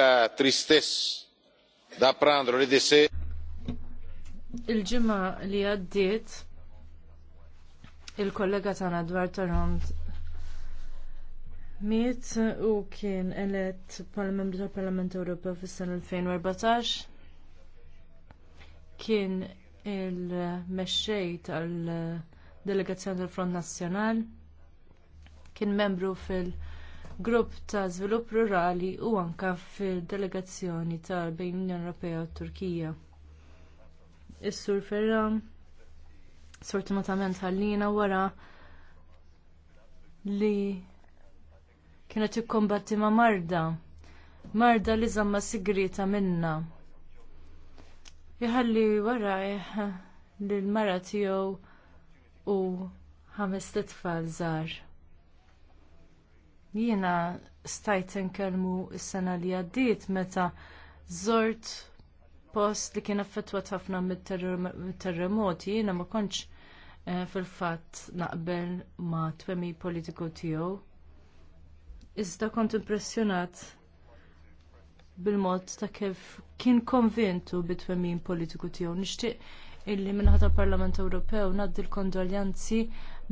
la tristesse d'apprendre le décès Il-ġimgħa li għaddiet il-kollega tagħna Dwar Tarond miet u kien elett bħala membru tal-Parlament Ewropew fis-sena 2014 kien il-mexxej tal-delegazzjoni tal-Front Nazzjonal kien membru fil- grupp ta' żvilupp rurali u anke fil-delegazzjoni tal bejn l-Unjoni Ewropea u t Turkija. Is-Sur Ferra sfortunatament ħallina wara li kienet ikkombatti ma' marda, marda li żamma sigrita minnha. Iħalli warajh l mara tiegħu u ħames tfal żgħar. Jiena stajt nkellmu s-sena li għaddiet meta żort post li kien affettwat ħafna mit-terremoti, jiena ma kontx eh, fil-fatt naqbel ma twemmi politiku tiegħu. Iżda kont impressjonat bil-mod ta' kif kien konvintu bit-twemmin politiku tiegħu. Nixtieq illi minħata l-Parlament Ewropew ngħaddi l-kondoljanzi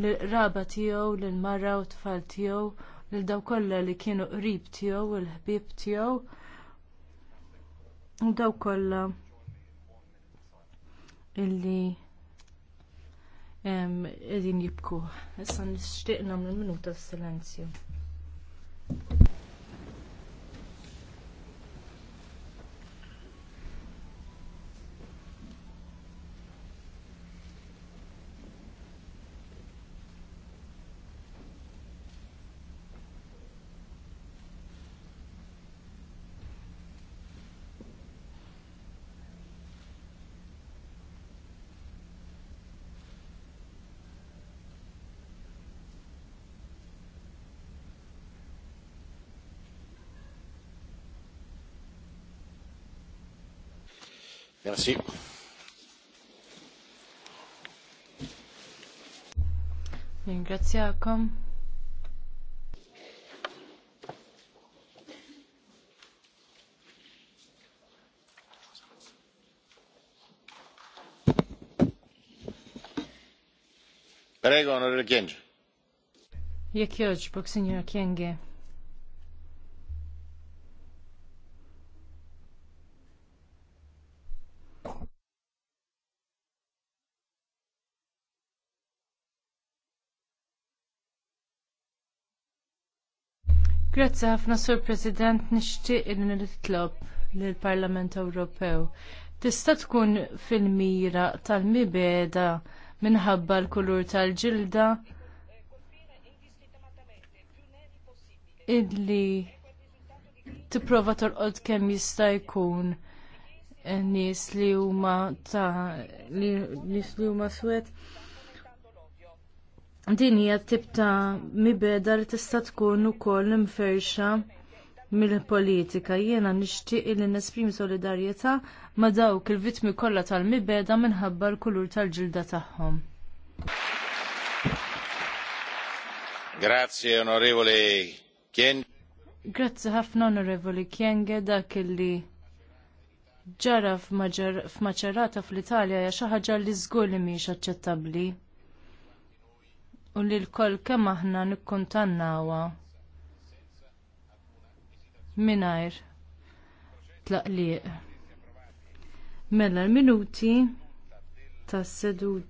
l-raba tiegħu lill-mara u tfal tiegħu lil daw kollha li kienu qrib tiegħu u l-ħbieb tiegħu. U daw kollha illi qegħdin jibku. Issa nixtieq nagħmlu minuta s-silenzju. Merci. Ringraziakom. Prego, onorevole Kienge. Jekk joġbok, signora Kienge. Grazzi ħafna Sur President nixtieq li nitlob lill-Parlament Ewropew. Tista' tkun fil-mira tal-mibeda minħabba l-kulur tal-ġilda illi tipprova torqod kemm jista' jkun nies li huma ta' nies li huma swed din hija tip ta' mibeda li tista' tkun ukoll imferxa mill-politika. Jiena nixtieq li nesprimi solidarjetà ma' dawk il-vittmi kollha tal-mibeda minħabba l-kulur tal-ġilda tagħhom. Grazie onorevoli Kien. Grazzi ħafna onorevoli Kienge dak illi ġara f'Maċerata fl-Italja hija xi ħaġa li żgur li mhix aċċettabbli u li l-koll kemm aħna nikkuntannawha mingħajr tlaqliq. Mela l-minuti tas-sedut